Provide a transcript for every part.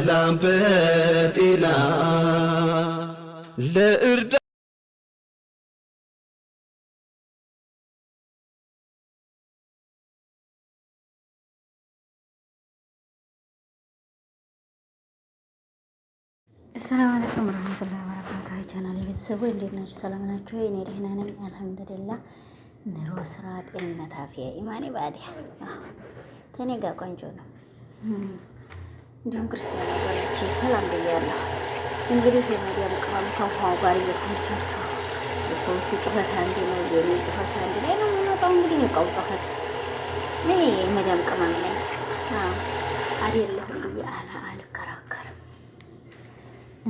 በሰላም በጤና ለእርዳ አሰላሙ አለይኩም ረህመቱላሂ ወበረካቱህ። ቻናል የቤተሰቦች እንዴት ናችሁ? ሰላም ናችሁ? እኔ ደህና ነኝ አልሐምዱሊላህ። ኑሮ፣ ስራ፣ ጤንነት፣ አፍያ፣ ኢማኔ ባዲያ ከእኔ ጋር ቆንጆ ነው። እንዲሁም ክርስቲያን ወገኖቼ ሰላም ብያለሁ። እንግዲህ የመዲያም ቅመም ከውሃው ጋር እየተመቻችሁ የሰዎቹ ጩኸት አንድ ነው፣ የኔ ጩኸት አንድ ላይ ነው የምንወጣው። እንግዲህ የቃው ጩኸት ይህ የመዲያም ቅመም ላይ አይደለሁም ብዬ አላ አልከራከርም።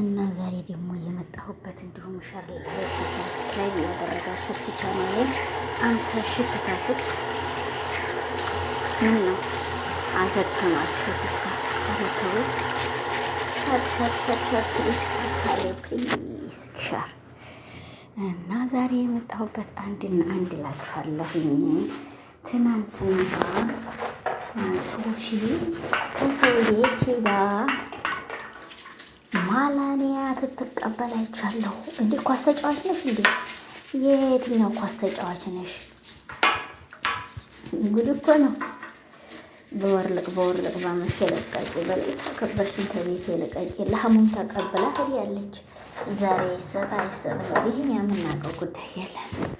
እና ዛሬ ደግሞ የመጣሁበት እንዲሁም ሸር ላይ ያደረጋችሁ ቻናሌን አንሳሽትታችሁ ምን ነው አዘግተናችሁ ሳ ተከታተሉኝ። ሸር እና ዛሬ የመጣሁበት አንድና አንድ እላችኋለሁኝ። ትናንትና ሶፊ ከሶቪየት ሄዳ ማላሊያ ትትቀበል አይቻለሁ። እንዴ ኳስ ተጫዋች ነሽ እንዴ? የየትኛው ኳስ ተጫዋች ነሽ? ጉድ እኮ ነው። በወርልቅ በወርልቅ ባመሽ የለቃቂ በለሳ ከበሽን ከቤት የለቀቂ ለሀሙም ተቀብላ ሄድ ያለች ዛሬ ይሰጥ አይሰጥ ይህን የምናውቀው ጉዳይ የለም።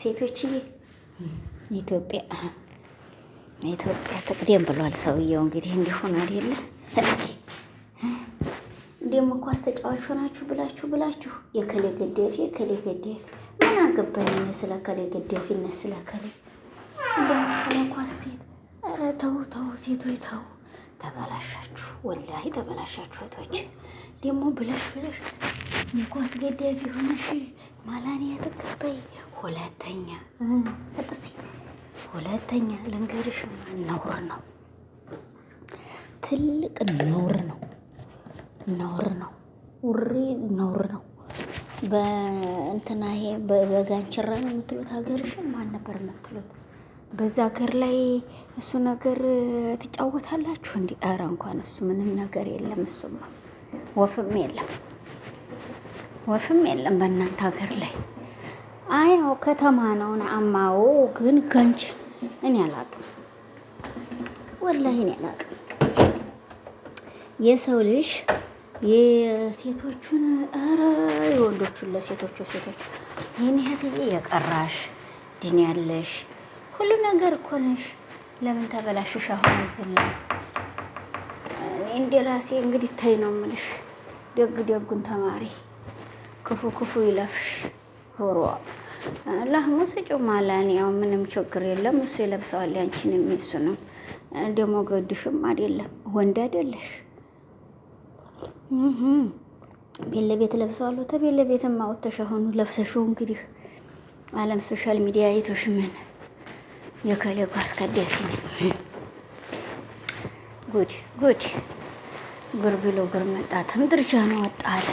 ሴቶችዬ ኢትዮጵያ ኢትዮጵያ ትቅደም ብሏል ሰውየው። እንግዲህ እንዲሆን አይደለ ደግሞ ኳስ ተጫዋች ሆናችሁ ብላችሁ ብላችሁ የከሌ ገዳፊ የከሌ ገዳፊ ምን አገባኝ ስለ ከሌ ገዳፊነት ስለ ከሌ እንደ ስለ ኳስ ሴት ኧረ ተው ተው ሴቶች ተው፣ ተበላሻችሁ፣ ወላሂ ተበላሻችሁ። እህቶች ደግሞ ብለሽ ብለሽ እኮ አስገዳፊ ሆነሽ ማላኒ ያተቀበይ ሁለተኛ እጥሲ ሁለተኛ ልንገርሽማ ነውር ነው፣ ትልቅ ነውር ነው፣ ነውር ነው፣ ውሪ ነውር ነው። በእንትና ይሄ በጋንችራ ነው የምትሉት ሀገርሽን ማን ነበር የምትሉት? በዛ ሀገር ላይ እሱ ነገር ትጫወታላችሁ እንዲ? ኧረ እንኳን እሱ ምንም ነገር የለም። እሱማ ወፍም የለም ወፍም የለም በእናንተ ሀገር ላይ። አይ ከተማ ነው አማዎ፣ ግን ገንጅ እኔ አላቅም፣ ወላሂ እኔ አላቅም። የሰው ልጅ የሴቶቹን ኧረ የወንዶቹን ለሴቶቹ ሴቶች ይህን ያህል የቀራሽ ድን ያለሽ ሁሉ ነገር እኮ ነሽ። ለምን ተበላሽሽ? አሁን እዚህ ላይ እኔ እንደ ራሴ እንግዲህ ታይ ነው የምልሽ። ደግ ደጉን ተማሪ፣ ክፉ ክፉ ይለፍሽ። ሆሮ ላህሙ ስጪው ማላን። ያው ምንም ችግር የለም እሱ ይለብሰዋል። ያንቺን የሚሱ ነው ደግሞ ገድሽም አይደለም ወንድ አይደለሽ ቤለ ቤት ለቤት ለብሰዋለሁ ተቤት ለቤትም አውጥተሽ አሁኑ ለብሰሽው እንግዲህ አለም ሶሻል ሚዲያ አይቶሽ ምን የከሌጎ አስከዳፊ ነኝ። ጉድ ጉድ ጉር ብሎ ጉር መጣ። ተምድርጃ ነው ወጣ አለ።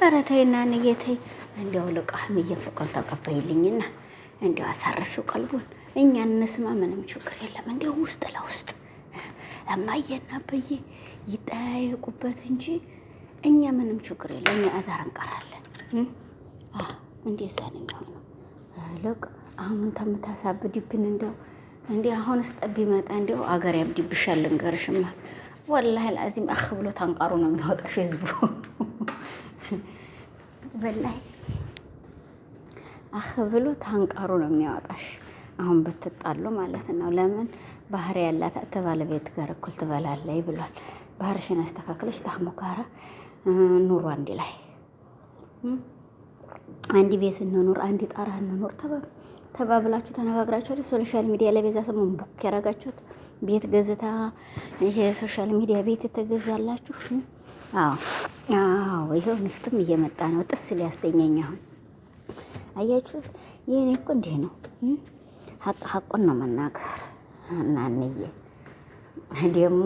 ኧረ ተይና ንየተይ እንዲያው ልቃህም ፍቅሩን ተቀበይልኝና እንዲያው አሳረፊው ቀልቡን እኛ እንስማ፣ ምንም ችግር የለም። እንዲያው ውስጥ ለውስጥ እማዬና አበዬ ይጠያየቁበት እንጂ እኛ ምንም ችግር የለም። እኛ አዳር እንቀራለን። እንደዛ ነው የሚሆነው ልቅ አሁን ተምታሳብድብን እንደው እንዲህ አሁን ጠብ ቢመጣ እንዲው አገር ያብድብሻል። ልንገርሽማ ወላሂ አልዓዚም አህ ብሎ ታንቃሩ ነው የሚወጣሽ ህዝቡ በላይ አህ ብሎ ታንቃሩ ነው የሚያወጣሽ። አሁን ብትጣሉ ማለት ነው። ለምን ባህር ያላት ተባለቤት ጋር እኩል ትበላለይ ብሏል። ባህርሽን አስተካክለሽ ታህሙ ጋር ኑሮ አንድ ላይ አንድ ቤት እንኑር፣ አንድ ጣራ እንኑር ተባሉ። ተባብላችሁ ተነጋግራችኋል። ሶሻል ሚዲያ ለቤዛ ሰሞን ቡክ ያደረጋችሁት ቤት ገዝታ ይሄ ሶሻል ሚዲያ ቤት ተገዛላችሁ። አዎ፣ ይኸው ንፍጥም እየመጣ ነው። ጥስ ሊያሰኘኝ አሁን አያችሁት። ይህኔ እኮ እንዲህ ነው፣ ሀቅ ሀቁን ነው መናገር። እናንዬ ደግሞ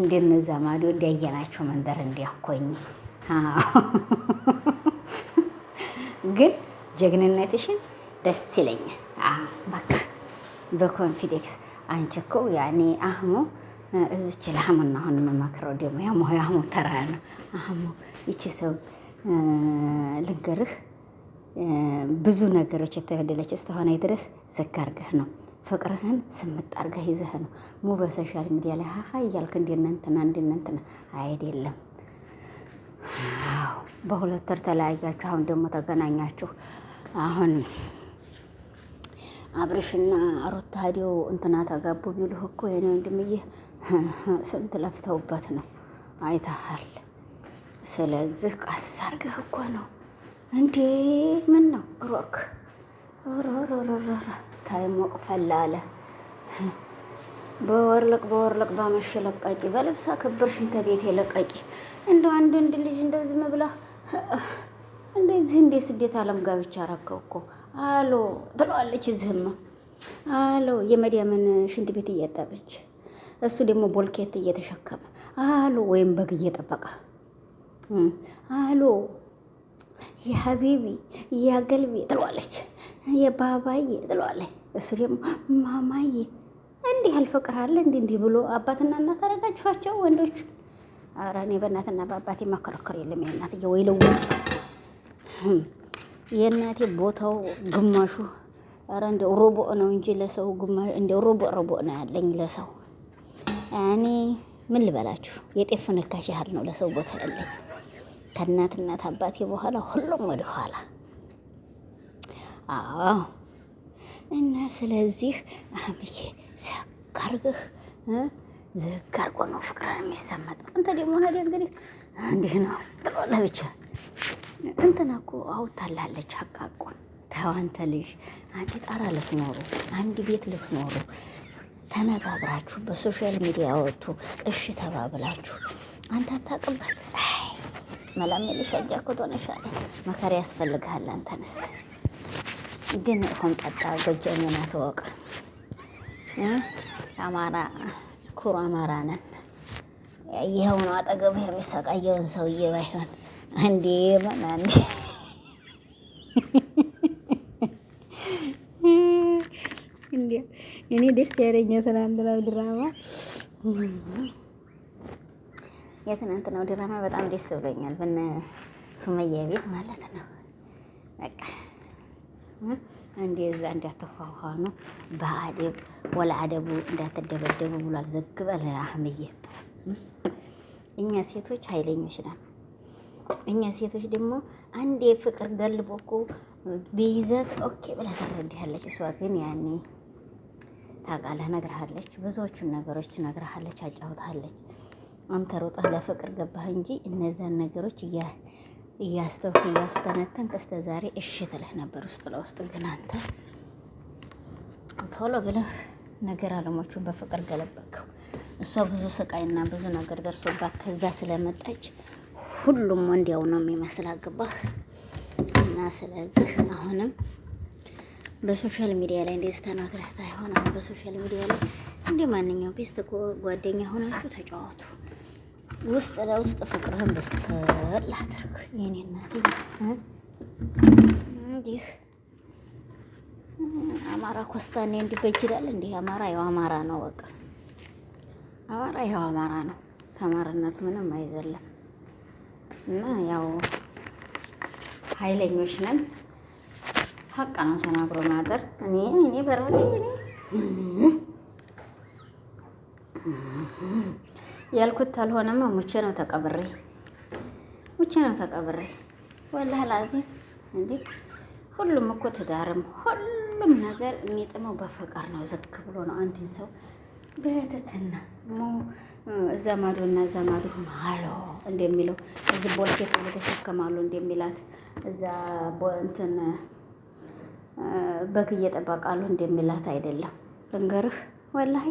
እንደነዛ ማዶ እንዲያየናቸው መንደር እንዲያኮኝ ግን ጀግንነትሽን ደስ ይለኛል። በቃ በኮንፊዴንስ አንቺ እኮ ያኔ አህሙ እዚች ለአህሙና አሁን የምመክረው ደግሞ ያሞ ያሙ ተራ ነው። አህሙ ይቺ ሰው ልንገርህ ብዙ ነገሮች የተበደለች እስከሆነ ድረስ ዝግ ነው ፍቅርህን ስምጥ ይዘህ ነው ሙ በሶሻል ሚዲያ ላይ ሀሀ እያልክ እንደነንትና እንደነንትና አይደለም። አዎ በሁለት ወር ተለያያችሁ፣ አሁን ደግሞ ተገናኛችሁ አሁን አብርሽና ሩታ እንትና ተጋቡ ቢሉህ እኮ የኔ ወንድምዬ ስንት ለፍተውበት ነው አይተሃል። ስለዚህ ቀስ አርገህ እኮ ነው እንዴ። ምን ነው ሮክ ሮሮሮሮሮ ወቅፈላ ፈላለ በወርለቅ በወርለቅ በመሽ ለቃቂ በልብሳ ክብር ሽንተ ቤት የለቃቂ እንደ አንድ ወንድ ልጅ እንደዚህ ምብላ እንደዚህ እንዴ ስደት አለም ጋብቻ አረከው እኮ አሎ ትለዋለች። እዚህማ አሎ የመዲያምን ሽንት ቤት እያጠበች እሱ ደግሞ ቦልኬት እየተሸከመ አሎ ወይም በግ እየጠበቀ አሎ የሀቢቢ የአገልቢ ትለዋለች። የባባዬ ትለዋለች። እሱ ደግሞ ማማዬ እንዲህ አልፈቅርሃለ እንዲ እንዲህ ብሎ አባትና እናት አረጋችኋቸው ወንዶች። ኧረ እኔ በእናትና በአባቴ መከረከር የለም። የእናትዬ ወይ ለውጥ የእናቴ ቦታው ግማሹ ኧረ እንደ ሩቡዕ ነው እንጂ ለሰው ግማሽ እንደ ሩቡዕ ሩቡዕ ነው ያለኝ ለሰው። እኔ ምን ልበላችሁ የጤፍ ፍንካሽ ያህል ነው ለሰው ቦታ ያለኝ። ከእናት እናት አባቴ በኋላ ሁሉም ወደ ኋላ። አዎ እና ስለዚህ አምዬ ዘግ አድርገህ ዘግ ነው ፍቅርን የሚሰመጠው። አንተ ደግሞ ሀዲ እንግዲህ እንዲህ ነው ጥሎ ለብቻ እንትና እኮ አውታላለች አቃቁን ተዋንተ ልጅ አንድ ጣራ ልትኖሩ አንድ ቤት ልትኖሩ ተነጋግራችሁ በሶሻል ሚዲያ ወጥቶ እሺ ተባብላችሁ አንተ አታቅበት መላሜልሽ አጃኮቶ ነሻለ መከሪ ያስፈልግሃል። አንተንስ ግን ሆን ጠጣ ጎጃኝና ተወቀ አማራ ኩሩ አማራ ነን። ይኸው ነው አጠገብህ የሚሰቃየውን ሰውዬ ባይሆን አንዴ አንዴ እንዴ እኔ ደስ ያለኝ የትናንትናው ድራማ የትናንትናው ድራማ በጣም ደስ ብሎኛል። በነ ሱመያ ቤት ማለት ነው። በቃ እንደዛ እንዳትፏፏኑ በአደብ ወላ አደቡ እንዳትደበደቡ ብሏል። ዘግበል አህምዬ እኛ ሴቶች ኃይለኞች ናል እኛ ሴቶች ደግሞ አንድ የፍቅር ገልቦ እኮ ቢይዘት ኦኬ ብላ ታረዳለች። እሷ ግን ያኔ ታውቃለህ፣ ነግርሃለች፣ ብዙዎቹን ነገሮች ነግርሃለች፣ አጫውታለች። አንተ ሮጠህ ለፍቅር ገባህ እንጂ እነዛን ነገሮች እያስተውክ እያስተነተንክ እስከ ዛሬ እሺ ትልህ ነበር ውስጥ ለውስጥ። ግን አንተ ቶሎ ብለህ ነገር አለሞቹን በፍቅር ገለበከው። እሷ ብዙ ስቃይና ብዙ ነገር ደርሶባት ከዛ ስለመጣች ሁሉም ወንዲያው ነው የሚመስል አገባህ እና ስለዚህ አሁንም በሶሻል ሚዲያ ላይ እንደዚህ ተናግረህ ታይሆን። አሁን በሶሻል ሚዲያ ላይ እንደ ማንኛውም ቤስት ጓደኛ ሆናችሁ ተጫወቱ። ውስጥ ለውስጥ ፍቅርህን ብስል አድርግ የኔ እናት። እንዲህ አማራ ኮስታኔ እንዲህ በጅላል። እንዲህ አማራ ያው አማራ ነው፣ በቃ አማራ ያው አማራ ነው። ተማርነት ምንም አይዘለም። እና ያው ኃይለኞች ነን። ሀቅ ነው ተናግሮ ማደር። እኔ እኔ በራሴ ያልኩት አልሆነማ። ሙቼ ነው ተቀብሬ ሙቼ ነው ተቀብሬ። ወላሂ ላዚም እንዴ ሁሉም እኮ ትዳርም ሁሉም ነገር የሚጥመው በፍቅር ነው። ዝግ ብሎ ነው አንድን ሰው በትትና ዘማዶ እና ዘማዶ ማሎ እንደሚለው እዚህ ቦልኬት ሁሉ ተሸከማሉ እንደሚላት እዛ እንትን በግ እየጠበቃሉ እንደሚላት አይደለም። ልንገርህ ወላሂ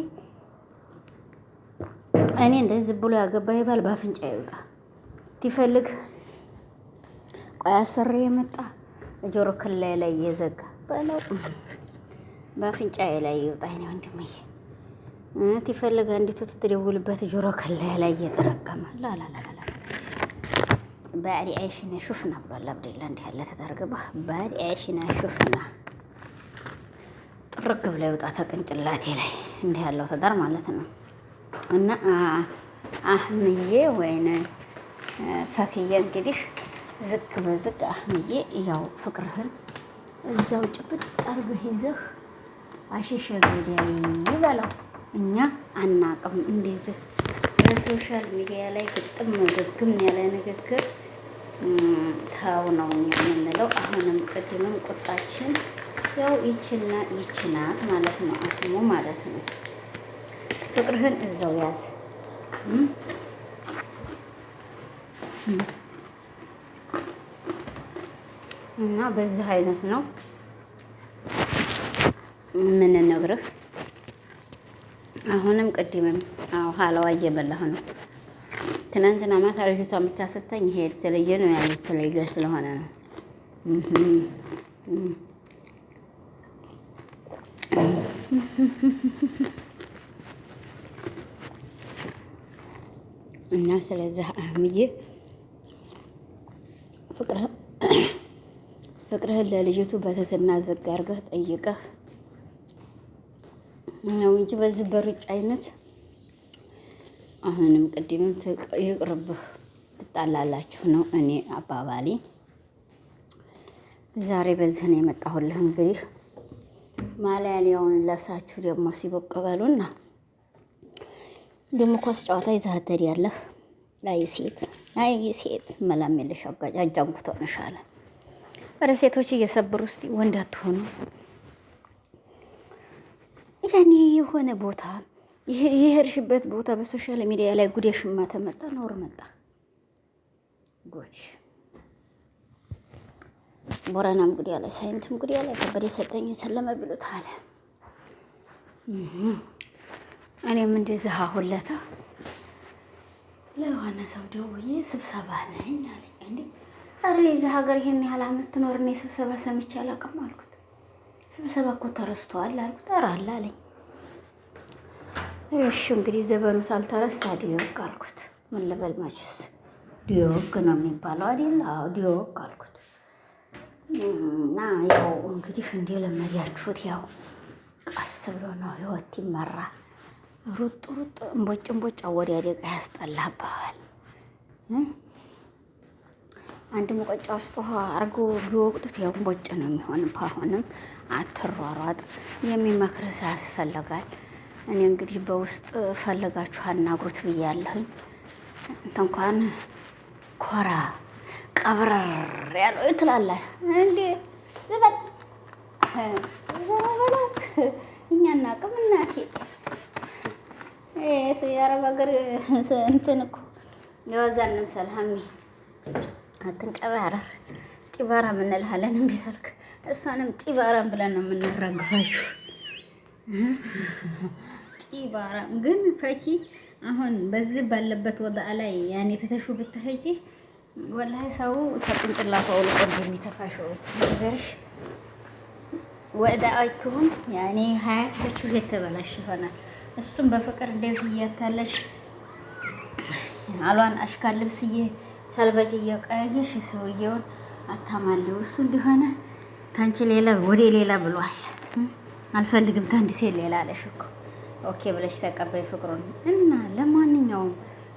እኔ እንደዚህ ብሎ ያገባ ይባል በአፍንጫ ይውጣ ትፈልግ ቆያ ስሬ የመጣ ጆሮ ክላይ ላይ እየዘጋ በለው በአፍንጫ ላይ ይውጣ። እኔ ወንድምዬ ትፈልግ እንዲቱ ትደውልበት ጆሮ ከላይ ላይ እየተረቀመ ላላላላ ባዲ አይሽና ሹፍና ብሏል። አብደላ እንዲህ ያለ ተጠርግባ ባዲ አይሽና ሹፍና ጥርግ ላይ ወጣ ተቅንጭላቴ ላይ እንዲህ ያለው ትዳር ማለት ነው። እና አህምዬ ወይነ ፈክዬ እንግዲህ ዝቅ በዝቅ አህምዬ ያው ፍቅርህን እዛው ጭብጥ አርገህ ይዘህ አሸሸ ገዳይ በለው እኛ አናቅም። እንደዚህ በሶሻል ሚዲያ ላይ ግጥም ነው ግግም ያለ ንግግር ተው ነው የምንለው። አሁንም ቅድምም ቁጣችን ያው ይችና ይችናት ማለት ነው፣ አትሞ ማለት ነው። ፍቅርህን እዛው ያዝ። እና በዚህ አይነት ነው የምንነግርህ። አሁንም ቅድምም አዎ ሀላዋ እየበላሁ ነው። ትናንትና ማታ ልጅቷ የምታሰታኝ ይሄ የተለየ ነው ያ የተለየ ስለሆነ ነው። እና ስለዚህ አህምዬ ፍቅርህን ለልጅቱ በትህትና ዘጋርገህ ጠይቀህ ነው እንጂ በዚህ በሩጭ አይነት አሁንም ቅድምም ይቅርብህ ትጣላላችሁ ነው እኔ አባባሌ። ዛሬ በዚህ ነው የመጣሁልህ። እንግዲህ ማሊያሊያውን ለብሳችሁ ደግሞ ሲቦቅ በሉና ደግሞ ኳስ ጨዋታ ይዛሀተድ ያለህ ላይ ሴት ላይ ሴት መላም የለሽ አጋጫ አንጫንኩት ሆነሻለ። ኧረ ሴቶች እየሰብሩ ውስጥ ወንድ አትሆኑ። ያኔ የሆነ ቦታ የሄድሽበት ቦታ በሶሻል ሚዲያ ላይ ጉዴ ሽማ ተመጣ ኖር መጣ ጎች ቦረናም ጉዴ አለ፣ ሳይንትም ጉዴ አለ። ከበደ የሰጠኝ ሰለመ ብሎት አለ። እኔም እንደዚህ አሁለታ ለሆነ ሰው ደውዬ ስብሰባ ነኝ አለኝ። እንዴ እዚህ ሀገር ይሄን ያህል አመት ትኖር እኔ ስብሰባ ሰምቼ አላውቅም አልኩት። ስብሰባ እኮ ተረስተዋል አልኩ። ኧረ አለኝ። እሺ እንግዲህ ዘበኑ ታልተረሳ ዲዮግ አልኩት። ምን ልበል መችስ ዲዮግ ነው የሚባለው አይደል? አዎ ዲዮግ አልኩት። እና ያው እንግዲህ እንደለመዳችሁት ያው ቀስ ብሎ ነው ህይወት ይመራ። ሩጥ ሩጥ እምቦጭ እምቦጭ አወዳደቅ ያስጠላባዋል። አንድ ሙቀጫ ውስጥ ውሃ አርጎ ቢወቅጡት ያው ቦጭ ነው የሚሆን። አሁንም አትሯሯጥ የሚመክርስ ያስፈልጋል። እኔ እንግዲህ በውስጥ ፈልጋችሁ አናግሩት ብያለሁኝ። እንኳን ኮራ ቀብረር ያለ ትላለ እንዴ? ዝበል ዘበለው እኛ እናቅም እናቴ የአረብ ሀገር እንትን እኮ የዋዛንም ሰልሀሜ አትንቀባረር ጢባራ እንልሃለን። እንዴት አልክ? እሷንም ጢባራም ብለን ነው የምናራግፋችሁ። ጢባራም ግን ፈኪ አሁን በዚህ ባለበት ወዳ ላይ ያኔ ተተሹ ብትሄጂ ወላሂ ሰው ተቅንጭላቱ አውልቆ እንደሚተፋሸው ነገርሽ ወዳአችሁም ያኔ ሀያታችሁ የተበላሽ ይሆናል። እሱም በፍቅር እንደዚህ እያታለሽ አሏን አሽካል ልብስዬ ሰልበጅ እየቀየሽ ሰውየውን አታማለው። እሱ እንደሆነ ታንቺ ሌላ ወደ ሌላ ብሏል። አልፈልግም ታንድ ሴት ሌላ አለሽ እኮ ኦኬ ብለሽ ተቀበይ ፍቅሩን እና ለማንኛውም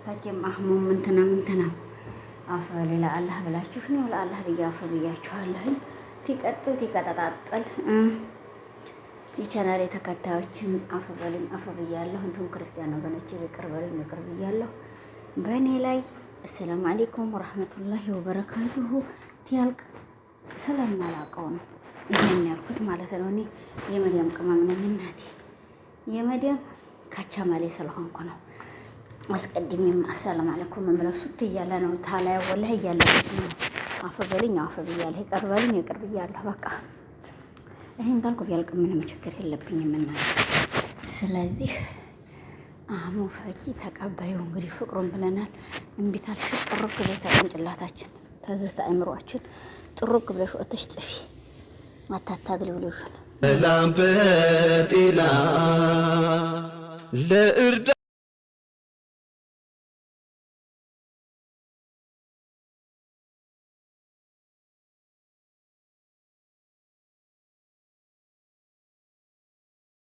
ፈኪም አህሙም እንትናም እንትናም አፈ ሌላ አላህ ብላችሁ ነው ለአላህ ብዬ አፈ ብያችኋለሁ። ቲቀጥል ቲቀጠጣጥል የቻናሌ ተከታዮችን አፈ በሉኝ አፈ ብያለሁ። እንዲሁም ክርስቲያን ወገኖቼ ይቅር በሉኝ ይቅር ብያለሁ በእኔ ላይ አሰላሙ አሌይኩም ወረህመቱላሂ ወበረካቱሁ ቲያልቅ ስለማላውቀው ነው ይህን ያልኩት ማለት ነው። እኔ የመዲያም ቅመም ነኝ እናቴ፣ የመዲያም ካቻማሌ ስለሆንኩ ነው። አስቀድሜም አሰላሙ አለይኩም የምለው ሱት እያለ ነው ታላያ ወላሂ እያለ አፈ በልኝ አፈ ብያለሁ፣ ይቅር በልኝ ይቅር ብያለሁ። በቃ ይህን ታልኩ ቢያልቅ ምንም ችግር የለብኝም እናቴ። ስለዚህ አህሙ ፈኪ ተቀባዩ እንግዲህ ፍቅሩን ብለናል። እምቢታል ጥሩቅ ብለሽ ታቅንጭላታችን ተዝህ ተአእምሯችን ጥሩ ብለሽ ወተሽ ጥፊ አታታግል ብሎሽን ሰላም በጤና ለእርዳ